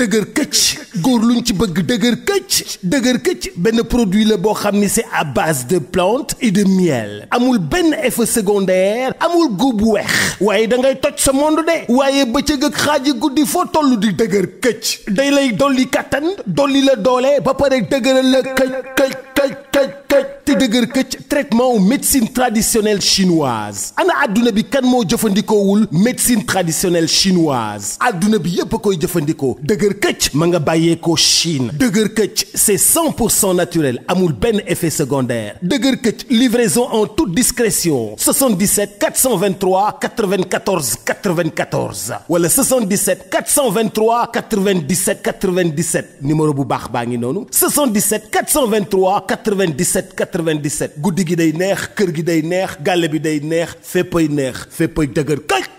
dëgër këcc góor ñu ci bëgg dëgër këcc dëgër këcc benn produit la boo xam ni c'est à base de plantes et de miel amul benn effet secondaire amul góob bu weex waaye da ngay toj sa monde de waaye bëccëg ak xaaji guddi foo toll di dëgër këcc day lay dolli kattan dolli la doole ba pare dëgëral la këcc këcc këcc te dëgër këcc traitement médecine traditionnelle chinoise ana àdduna bi kan moo jëfandikoowul médecine traditionnel chinoise adduna bi yépp koy jëfandikoo bàyyeekoo Chine dëgër këcc c'est 100 pour cent naturel amul benn effet secondaire dëgër këcc livraison en toute discrétion 77 423 94 94 wala 77 423 97 97 numéro bu baax baa ngi noonu 77 423 97 97 guddi gi day neex kër gi day neex gàlle bi day neex féppay neex féppay dëgër këcc.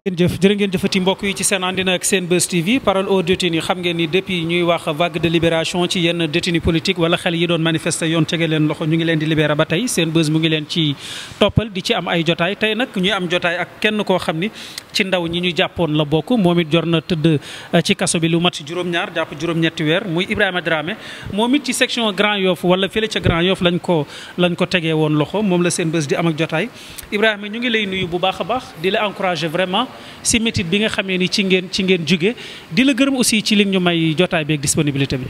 ngeen jëf jërë ngeen jëfati mbokk yi ci seen àndina ak Senbuzz TV parole aux détenus xam ngeen ni depuis ñuy wax vague de libération ci yenn détenus politique wala xel yi doon manifester yoon tege leen loxo ñu ngi leen di libéré ba tey Senbuzz mu ngi leen ci toppal di ci am ay jotaay tey nag ñuy am jotaay ak kenn koo xam ni ci ndaw ñi ñu jàppoon la bokk moom it jor na tëdd euh, ci kaso bi lu mat juróom-ñaar jàpp juróom-ñetti weer muy Ibrahima Dramé moom it section Grand Yoff wala fële ca lañ ko lañ ko tegee woon loxo moom la Senbuzz di am ak jotaay Ibrahima ñu ngi lay nuyu bu baax a baax di la encourager vraiment si métit bi nga xamee ni ci ngeen ci ngeen jóge di la gërëm aussi ci li ñu may jotaay beeg disponibilité bi.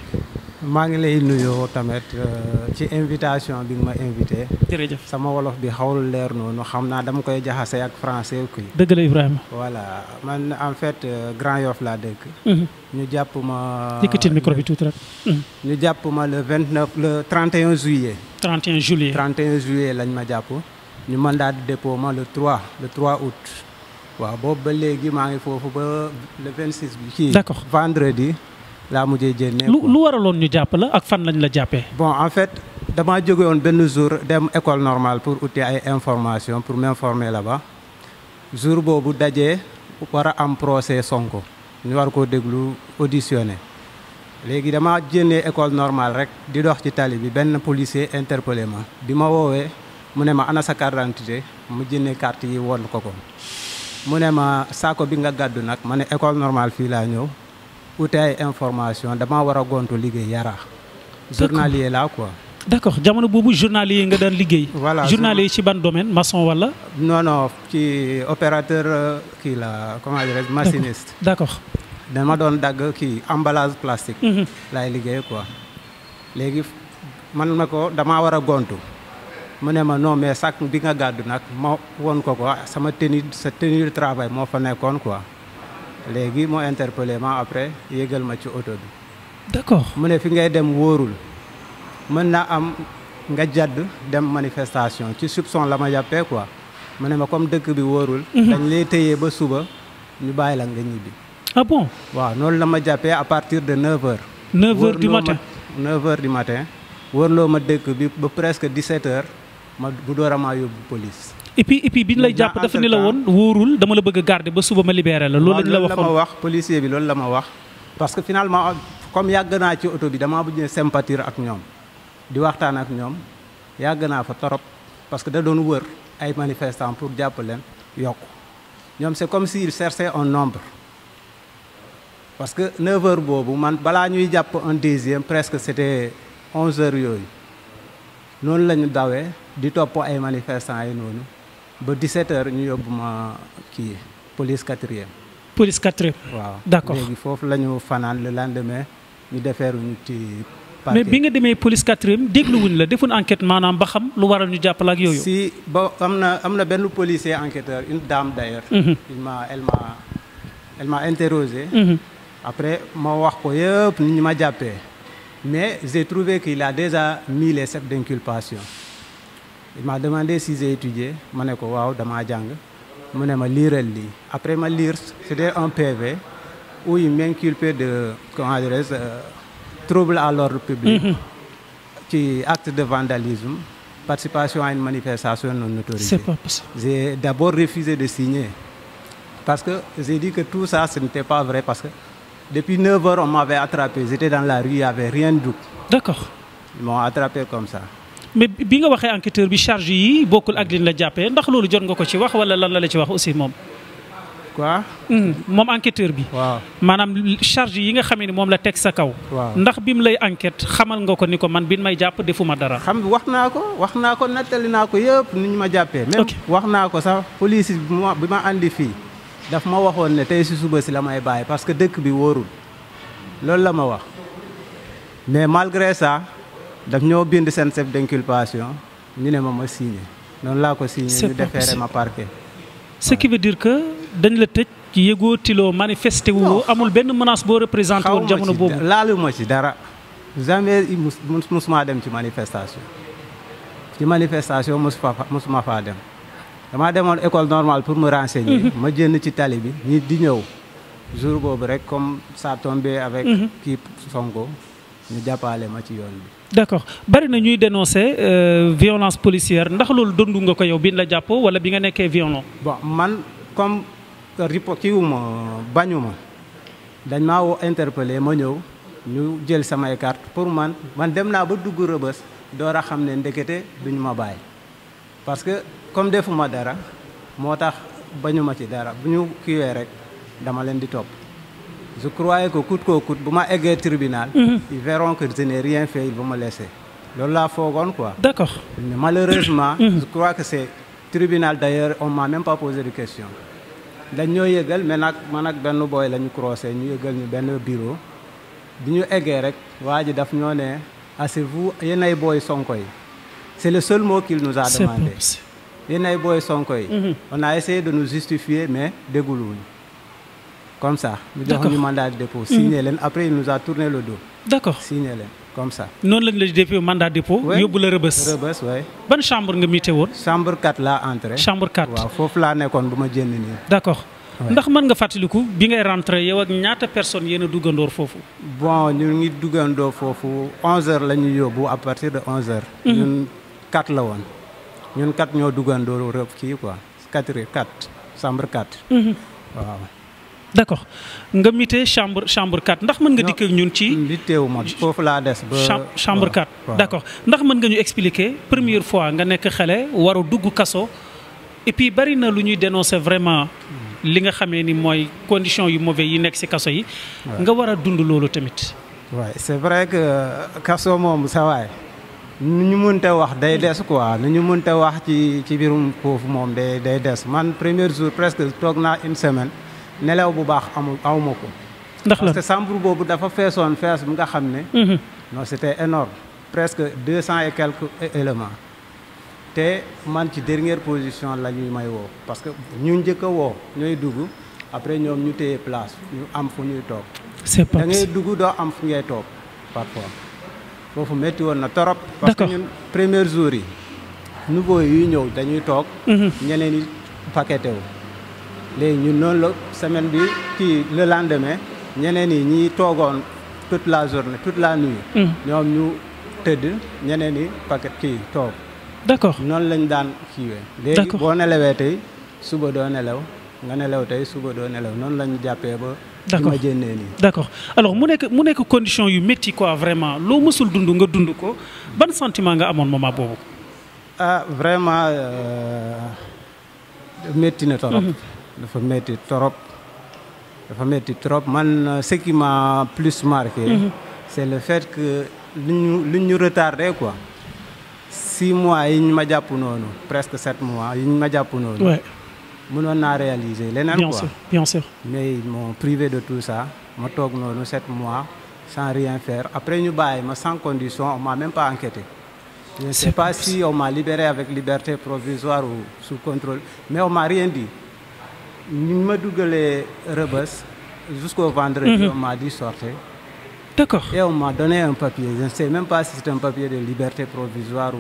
maa ngi lay nuyoo tamit euh, ci invitation bi nga ma invité. jërëjëf sama wolof bi xawul leer noonu xam naa dama koy jaxase ak français kuy. dëgg la Ibrahima. voilà man en fait euh, Grand Yoff laa dëkk. Mhm. ñu jàpp ma. yëkkatil micro bi rek. Mhm. ñu jàpp ma le 29 le 31 juillet. 31 juillet 31 juillet lañ ma jàpp. ñu mandat de dépôt ma le 3 le 3 août. waaw boobu ba léegi maa ngi foofu ba le 26 bi. kii vendredi laa mujjee jénne. lu lu waraloon ñu jàpp la ak fan lañu la jàppee. bon en fait damaa jóge woon benn jour dem école normal pour uti ay information pour m'informer la bas jour boobu dajee war a am procès Sonko ñu war koo déglu auditionné léegi dama jénnee école normal rek di dox ci tali bi benn policier interpellé ma bi ma woowee mu ne ma ana sa carte mu jénnee carte yi woon ko ko. mu ne ma saako bi nga gàddu nag ma ne école normale fii laa ñëw ute ay information dama war a gontu liggéey yara journalier laa quoi d'accord jamono boobu journalier nga daan liggéey voilà journalier ci ban domaine maçon wala non non ci opérateur kii la comment dirais machiniste d'accord dama doon dagg kii emballage plastique mhm. lay liggéey quoi léegi man na ko dama war a gontu mu ne ma non mais sac bi nga gàddu nag ma woon ko quoi sama tenue sa tenue de travail moo fa nekkoon quoi léegi moo interpellé ma après yégal ma ci oto bi. d'accord mu ne fi ngay dem wóorul mën na am nga jàdd dem manifestation ci soupçon la ma jàppee quoi mu ne ma comme dëkk bi wóorul. Mhm. dañ lay tëyee ba suba ñu bàyyi la nga ñibbi. Ah waaw noonu la ma jàppee à partir de 9h. 9h du matin 9h du matin. wërloo ma dëkk bi ba presque 17h. ma bu door a yóbbu police. et puis bi ñu lay jàpp dafa ni la woon wóorul dama la bëgg a ba suba ma libéré la. loolu lañ la waxoon ma wax policier bi loolu la ma wax. parce que finalement comme yàgg naa ci oto bi damaa bëgg sympathie ak ñoom di waxtaan ak ñoom yàgg naa fa torop parce que da doon wër ay manifestants pour jàpp leen yokk ñoom c'est comme si cherchait un nombre. parce que 9 heures boobu man balaa ñuy jàpp un deuxième presque c'était 11 heures yooyu noonu la ñu dawee. di topp ay manifestants yi noonu ba di 17h ñu yóbbu ma kii police quatrième. police quatrième. waaw d'accord léegi foofu la ñu fanaan le lendemain ñu defeeruñu ci. mais bi nga demee police quatrième dégluwuñ la defuñ enquête maanaam ba xam lu waral ñu jàppale ak yooyu. si ba am na am na benn policier enquêteur une dame d'ailleurs. Mhm. il m'a m'a elle m'a interrogé. Mhm. après ma wax ko yëpp ni ñu ma jàppee mais j'ai trouvé qu'il a déjà mis les chefs d'inculpation. il m'a demandé si j'ai étudié ma ne ko waaw damaa jàng mu ne ma liiral lii après ma liir c'était un PV où il m'inculpait de comment dirais-je euh, trouble à l'ordre public mhm. ci acte de vandalisme participation à une manifestation non autorisée. C'est pas J'ai d'abord refusé de signer parce que j'ai dit que tout ça ce n'était pas vrai parce que depuis 9 heures on m'avait attrapé j'étais dans la rue il y avait rien du tout. attrapé comme ça mais bi nga waxee enquêteur bi charge yi bokkul ak liñ la jàppee ndax loolu jot nga ko ci wax wala lan la la ci wax aussi moom. quoi. Hmm, moom enquêteur bi. waaw maanaam charge yi nga xam ne moom la teg sa kaw. ndax bi mu lay enquête xamal nga ko ni ko man bi may jàpp defuma dara. xam wax naa ko wax naa ko nettali naa ko yëpp ni ñu ma jàppee. même wax naa ko sax police bi ma bi ma andi fii daf ma waxoon ne tey si suba si la may bàyyi parce que dëkk bi wóorul la ma wax daf ñoo bind seen chef d'inculpation ñu ne ma ma signé noonu laa ko signé ñu defeere ma parquet ce qui veut dire que dañu la tëj yëgoo tiloo manifesté wu amul benn menace boo représenté woon jamono boobu ma ci dara jamais mus musuma dem ci manifestation ci manifestation musuma fa musuma faa dem damaa demoon école normale pour me renseigner mhm. ma jënn ci tali bi ñi di ñëw jour boobu rek comme ça tombé avec mhm. kii Sonko ñu jàppale ma ci yoon bi. d'accord bari na ñuy dénoncer euh, violence policière ndax loolu dund nga ko yow bi la jàpp wala bi nga nekkee violent. bon man comme ripo kiwu ma bañu ma dañ maa woo ma ñëw ñu jël samay carte pour man man dem naa ba dugg rëbës door a xam ne ndekete duñu ma bàyyi parce que comme defuma dara moo tax bañuma ci dara bu ñu kiiwee rek dama leen di topp. je croyais que coûte que coûte bu ma eggee tribunal. Mhm. ils verront que je n'ai bu fait ils vont me laisser. loolu laa foogoon quoi. d'accord mais malheureusement. Mhm. je crois que c'est tribunal d'ailleurs on m'a même pas posé de question. dañ ñoo yëgal mais nag man ak benn booy la ñu croisé ñu yëgal ñu benn bureau. bi ñu eggee rek waa ji daf ñoo ne asseyez-vous yéen ay booy sonko yi. c'est le seul mot qu'il nous a demandé. ay booy sonko yi. Mhm. on a essayé de nous justifier mais dégguluñu. comme ça mu jox ñu mandat de dépôt signé mm. leen après il nous a tourné le dos d'accord signé leen comme ça noonu lañ la defee mandat de dépôt yóbbu la rëbës rëbës waay ban chambre nga mité woon chambre 4 laa entré chambre 4 waaw foofu laa nekkoon bu ma jénn nii d'accord ndax mën nga fàttaliku bi ngay rentré yow ak ñaata personne yéen a duggandoor foofu bon ñu ngi duggandoo foofu onze heures la ñu yóbbu à partir de onze heures mhm. ñun quatre la woon ñun quatre ñoo duggandoor rëb kii quoi quatre quatre chambre 4 d' accord nga mité chambre chambre 4 ndax mën nga dikk ak ñun ci. li teewuma foofu laa des ba. chambre 4 d' accord ndax mën nga ñu expliquer première fois nga nekk xele war a dugg kaso. et puis bari na lu ñuy dénoncer vraiment hmm. li nga xamee ni mooy conditions yu mauvais yi nekk ci kaso yi. nga war a dund loolu tamit. waaw est vrai que kaso moom sa waay nu ñu mënta wax day des quoi nu ñu mënta wax ci ci biirum foofu moom day day des man premier jour presque toog naa une semaine. nelaw bu baax amul awma ko ndax la parce que boobu dafa feesoon fees bi nga xam ne mhm. non c'était énorme presque deux cent et quelques éléments te man ci dernière position la ñuy may woo parce que ñu njëkk a woo ñooy dugg après ñoom ñu téye place ñu am fu ñuy toog da ngay dugg doo am fu ngay toog parfois foofu métti na torop parce que ñun premier jour yi nouveau yuy ñëw dañuy toog mhm. ñeneen yi paqueté wu léegi ñun noonu la semaine bi kii le lendemain ñeneen yi ñii toogoon toute la journée toute la nuit. Hmm. ñoom ñu tëdd ñeneen yi paquet kii toog. d'accord noonu lañ daan kiiwee. léegi boo nelawee tey suba doo nelaw nga nelaw tey suba doo nelaw noonu lañu jàppee ba. d'accord ma jénnee nii d'accord alors mu nekk mu nekk condition yu métti quoi vraiment loo mësul dund nga dund ko ban sentiment nga amoon moment boobu. ah vraiment euh, métti na torop. Hmm. dafa metti trop dafa metti trop man euh, ce qui plus marqué mhm. c'est le fait que lu ñu lu ñu retardé quoi six mois yi ñu ma jàpp noonu presque sept mois yi ñu ma jàpp noonu mënoon naa réaliser leneen quoi mais ils m'ont privé de tout ça ma toog noonu sept mois sans rien faire après ñu bàyyi ma sans condition on m'a même pas enquêté je ne sais pas si on m'a libéré avec liberté provisoire ou sous contrôle mais on rien dit ni ma dugalee Rebeuss jusqu'au vendredi mhm. on m'a dit sortez d'accord et on m'a donné un papier je ne sais même pas si c'est un papier de liberté provisoire ou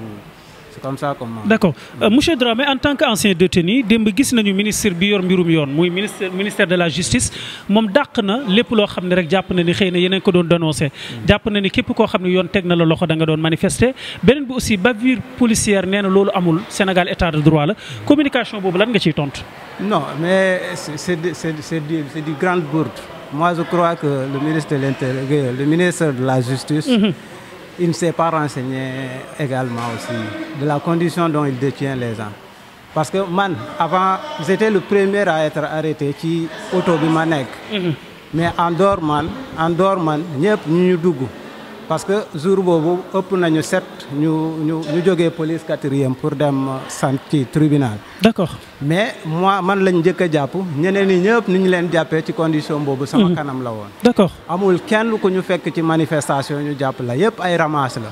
c'est comme ça comme d'accord euh, monsieur Dramé en tant que ancien détenu démb gis nañu ministre bi yor mbirum yoon muy ministre ministère de la justice moom dàq na lépp loo xam ne rek jàpp na ni xëy na yeneen ko doon dénoncé jàpp na ni képp koo xam ne yoon teg na la loxo da nga doon manifester beneen bi aussi bavure policière nee na loolu amul Sénégal état de droit la communication boobu lan nga ciy tontu. non mais c'est du grande bourde moi je crois que le ministre il ne s'est pas renseigné également aussi de la condition dont il détient les gens parce que man avant j'étais le premier à être arrêté ci oto bi ma nekk mhm. mais en dehors man en dehors man ñëpp ñu ñu dugg parce que jour boobu ëpp nañu sept ñu ñu ñu jógee police quatrième pour dem euh, sant ci tribunal. d'accord mais moi man lañ njëkk a jàpp ñeneen ñi ñëpp ni ñu leen jàppee ci condition boobu. sama mhm. kanam la woon. d'accord amul kenn ku ñu fekk ci manifestation ñu jàpp la yëpp ay ramasse la.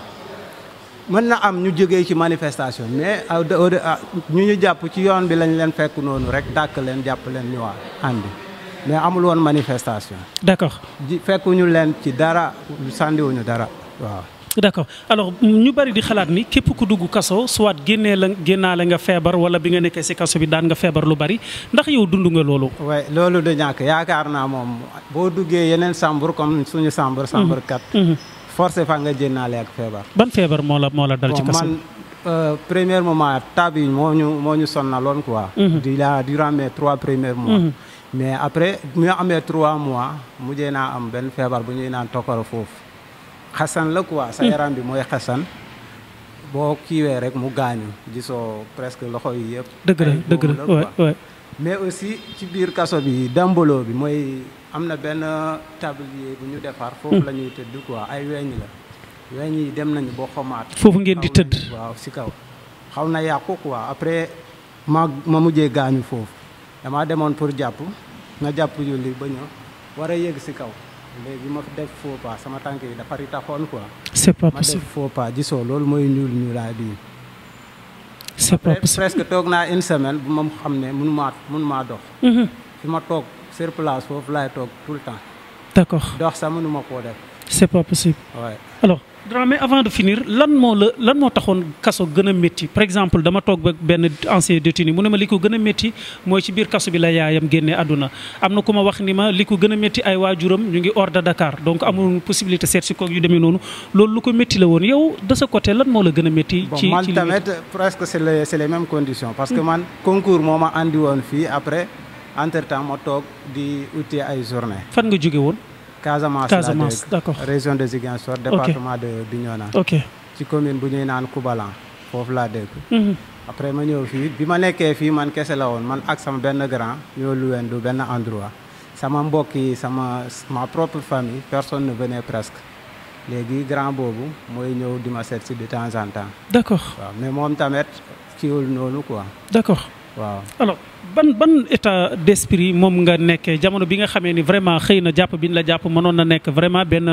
mën na am ñu jógee ci manifestation mais ñu ñu jàpp ci yoon bi lañ leen fekk noonu rek dàkk leen jàpp leen ñu waa àndi mais amul woon manifestation. d'accord ji fekkuñu leen ci dara sàndiwuñu dara waaw. d'accord alors ñu bari di xalaat ni képp ku dugg kaso soit génnee la génnaale nga feebar wala bi nga nekkee ci kaso bi daan nga feebar lu bari ndax yow dund nga loolu. waaye loolu du ñàkk yaakaar naa moom boo duggee yeneen sambur comme suñu sambur. sambur mhm. kat. Mhm. force fa nga génnaale ak feebar. ban feebar moo la moo la dal ci kaso man euh, moment tab yi moo ñu moo ñu sonnaloon quoi. Mhm. di la durant trois premiers mois. mais après ñu amee trois mois mujje naa am benn feebar bu ñuy naan tokkara foofu xasan la quoi sa hmm. yaram bi mooy xasan boo kiiwee rek mu gaañu gisoo presque loxo yi yëpp dëgg la dëgg la mais aussi ci biir kaso bi dambaloo bi mooy am na benn tablier bu ñu defar hmm. foofu la ñuy tëdd quoi ay weñ la weñ yi dem nañu boo xomaat foofu ngeen di tëdd waaw si kaw xaw na yàqu quoi après ma ma mujjee gaañu foofu dama demoon pour jàpp nga jàpp julli ba ñëw war a yéeg si kaw léegi ma def faux pas sama tànk yi dafa ritaxoon quoi. c'est pas possible ma def faux pas loolu mooy ñuul ñuulaa di. c'est pas possible presque toog naa une semaine bu ma xam ne mun maa mun maa dox. Mhm. fi ma toog sur place foofu laay toog tout le temps. d'accord dox sax mënuma koo def. c'est pas possible. Ouais. alors Dramé avant de finir lan moo la lan moo taxoon kaso gën a métti par exemple dama toog ba benn ancien détenu mu ne ma li ko gën a métti mooy ci biir kaso bi la yaayam génne àdduna am na ku ma wax ni ma li ko gën a métti ay waajuram ñu ngi hors de Dakar donc amul possibilité seet si koog yu demee noonu loolu lu ko métti la woon yow de ce côté lan moo la gën a métti. ci ci man tamit presque c'est les c'est parce que hmm. man concours moo ma andi woon fii après entre temps toog di uti ay journée. fan nga jóge Casamance Casamance d'accord région de Ziguinchor département de Bignona ok ci commune bu ñuy naan Koubalan foofu laa dégg mhm. après ma ñëw fii bi ma nekkee fii man kese la woon man ak sama benn grand ñoo luween du benn endroit sama mbokk yi sama ma propre famille personne ne venait presque léegi grand boobu mooy ñëw di ma seet si de temps en temps d'accord waaw mais moom tamit kiiwul noonu quoi waaw alors ban ban état d'esprit moom nga nekkee jamono bi nga xamee ni vraiment xëy na jàpp bi ñu la jàpp mënoon na nekk vraiment benn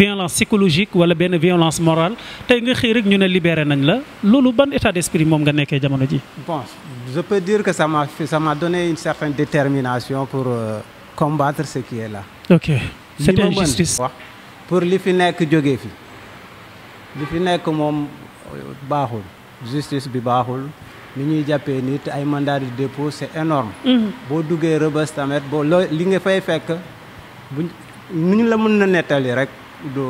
violence psychologique wala benn violence morale tey nga xëy rek ñu ne libéré nañ la loolu ban état d'esprit moom nga nekkee jamono ji. bon je peux dire que ça m'a ça m'a donné une certaine détermination pour euh, combattre ce qui est là. ok c'est une injustice wax pour li fi nekk jóge fi li fi nekk moom euh, baaxul justice bi baaxul. ni ñuy jàppee nit ay mandat de dépôt c'est énorme mm-hmm. boo duggee rëbës tamit boo loo li nga fay fekk bu ñu la mën na nettali rek du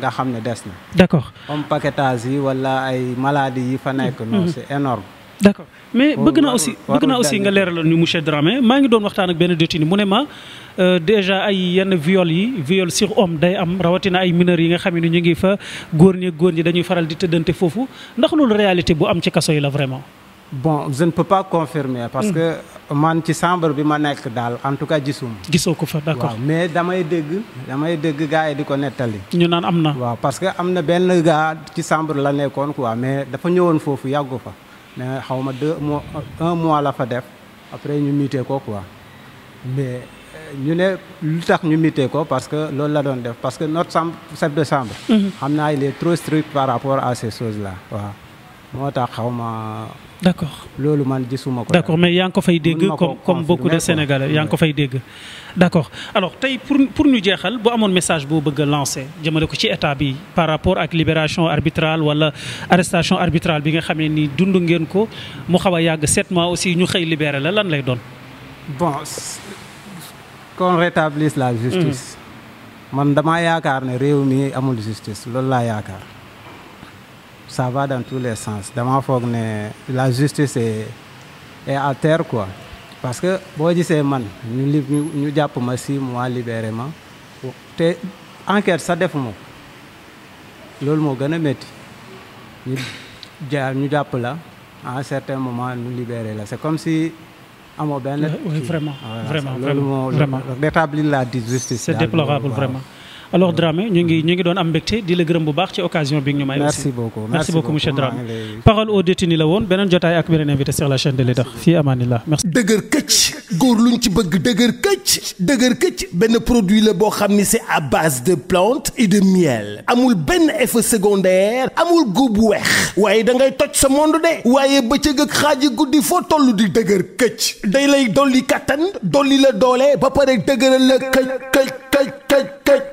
nga xam ne des na d'accord comme paquetage yi wala ay maladies yi fa nekk non mm-hmm. c'est énorme d'accord mais bëgg naa aussi bëgg naa aussi nga leeralal ñu monsieur Dramé maa ngi doon waxtaan ak benn détenu mu ne ma euh, déjà ay yenn viol yi viol sur homme day am rawatina ay mineurs yi nga xam ne ñu ngi fa góor ñi góor ñi dañuy faral di tëddante foofu ndax réalité bu am ci kaso yi la vraiment bon je ne peux pas confirmer parce hmm. que man ci chambre bi ma nekk daal en tout cas gisuma. gisoo ko fa d'accord mais damay dégg. damay dégg gars yi di ko nettali. ñu naan am na. waaw parce que am na benn gaa ci chambre la nekkoon quoi mais dafa ñëwoon foofu yàggu fa mais xaw ma deux mois un mois la fa def après ñu muté ko quoi mais euh, ñu ne lu tax ñu muté ko parce que loolu la doon def parce que not chambre chef de chambre. Hmm. xam naa il est trop strict par rapport à ces choses là waaw moo d'accord loolu man gisuma ko. d'accord mais yaa ngi ko fay dégg comme comme beaucoup de Sénégalais yaa ngi ko fay dégg. d'accord alors tey pour pour ñu jeexal bu amoon message boo bëgg a lancer jëmale ko ci état bi par rapport ak libération arbitrale wala arrestation arbitrale bi nga xamee ne nii dund ngeen ko mu xaw a yàgg sept mois aussi ñu xëy libéré la lan lay doon. bon qu'on la justice. Mm. man damaa yaakaar ne réew mi amul justice loolu laa yaakaar. ça va dans tous les sens dama foog ne la justice est est à terre quoi parce que boo gisee man ñu li ñu jàpp ma six mois libéré ma te enquête sa def ma loolu moo gën a métti ñu jaar ñu jàpp la à un certain moment ñu libéré la c'est comme si amoo benn. oui vraiment vraiment vraiment loolu moo rétablir la justice. c'est déplorable vraiment. alors Dramé ñu ngi ñu ngi doon am mbégte di la gërëm bu baax ci occasion bi nga ñu may. merci beaucoup merci beaucoup monsieur Dramé. parole au détenu la woon beneen jotaay ak beneen invité sur la chaîne de l'État fii amaanillah dëgër këcc góor luñ ci bëgg dëgër këcc dëgër këcc benn produit la boo xam ni se à base de plantes et de miel amul benn effet secondaire amul góob bu weex waaye da ngay toj sa monde de waaye bëccëg ak xaaji guddi foo toll di dëgër këcc day lay dolli kattan dolli la doole ba pare dëgëral la këcc